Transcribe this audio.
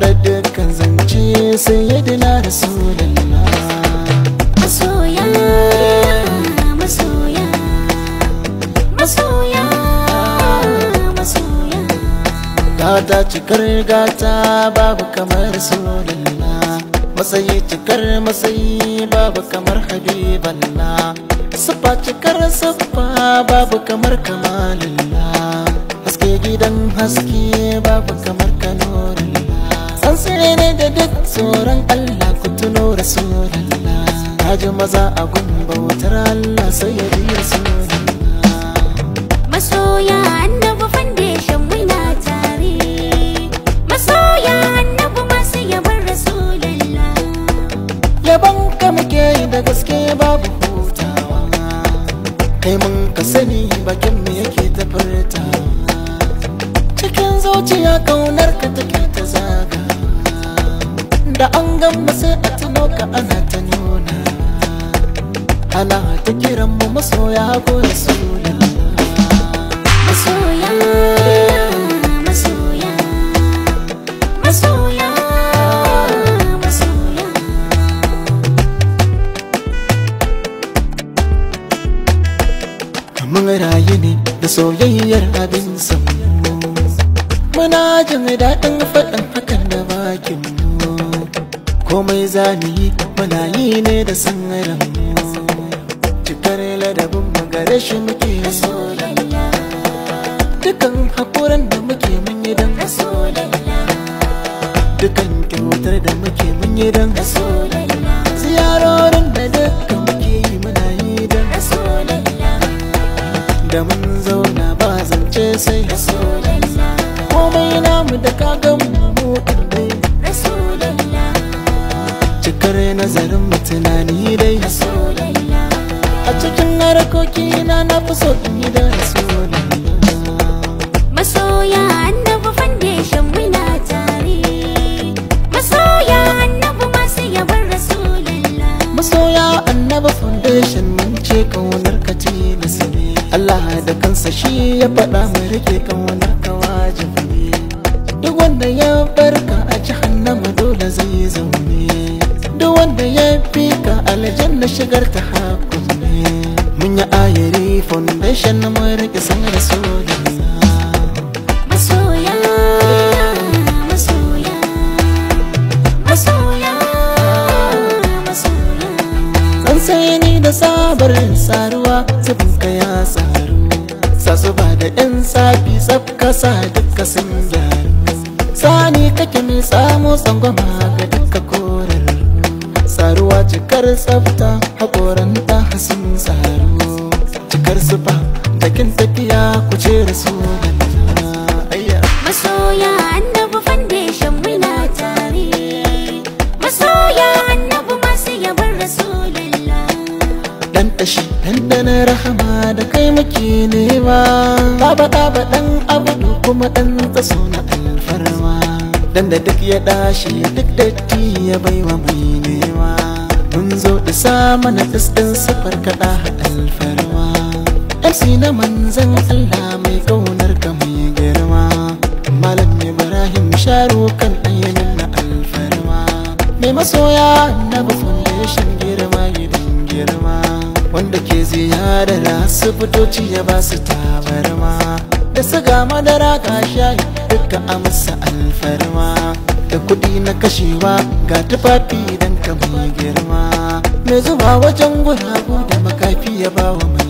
kora dukkan zance sayyidina rasulullah masoya masoya masoya masoya gata cikar gata babu kamar rasulullah matsayi cikar matsayi babu kamar habiballah sufa cikar siffa babu kamar kamalilla haske gidan haske babu kamar kano da tsoron Allah ku tuno Rasulallah Haji maza a gun bautar Allah sai ya bi Rasulallah Masoya annabi foundation muna tare Masoya annabu masu yabar Rasulallah Yaban ka muke da gaske babu hutawa Kai mun ka sani bakin mu yake ta furtawa Cikin zuciya kaunar ka take ta zaga da an gama sai a tuno ka ana ta nuna ana ta kiran mu masoya ko rasula masoya masoya masoya masoya mun rayu ne da soyayyar abin samu muna jin daɗin faɗin hakan da bakin mu komai zaniyi muna yi ne da san cikar ladabin magare shi muke dukan hakuran da muke mun yi don dukan kyautar da muke mun yi don ziyarorin da duka muke yi muna yi don da mun zauna ba zance sai komai namu da kagan matukar nazarin mutunani dai a cikin harkoki na na fi so in yi da rasulullah masoya annabu foundation muna tare masoya annabu masu yabar rasulullah masoya annabu foundation mun ce kaunar ka ce sani. Allah da kansa shi ya faɗa mu rike kaunar ka wajibi ne duk wanda ya barka a jahannama dole zai zaune wanda ya fi ka aljanna shigar ta hakun ne mun yi ayari foundation na mun rike san rasulina masoya masoya masoya masoya san sai ni da sabarin saruwa zubin ka ya saru sasu ba da yan safi tsaf kasa duka sun gyaru sani kake mai samo tsangwama ga cikar tsafta haƙoranta sun tsaro cikar sufa takin tafiya ku ce rasu masoya annabi foundation muna tare masoya annabu masu yabar rasulullah dan tashi dandanar rahama da kai muke nema taba taba dan abu kuma dan taso na alfarma dan da duk ya dashi duk datti ya baiwa mai nema kun zo isa mana fiskin sifar kaɗa alfarma MC na manzan Allah mai ƙaunar ka mai girma Malam Ibrahim Sharu kan ayyanin na alfarwa. Mai masoya na foundation girma gidan girma Wanda ke ziyarar asibitoci ya ba su tabarma Da suga madara ga shayi duka amsa alfarma Da kuɗi na kashewa ga tufafi don ka girma mai zuba wajen guragu da makafi ya bawa mai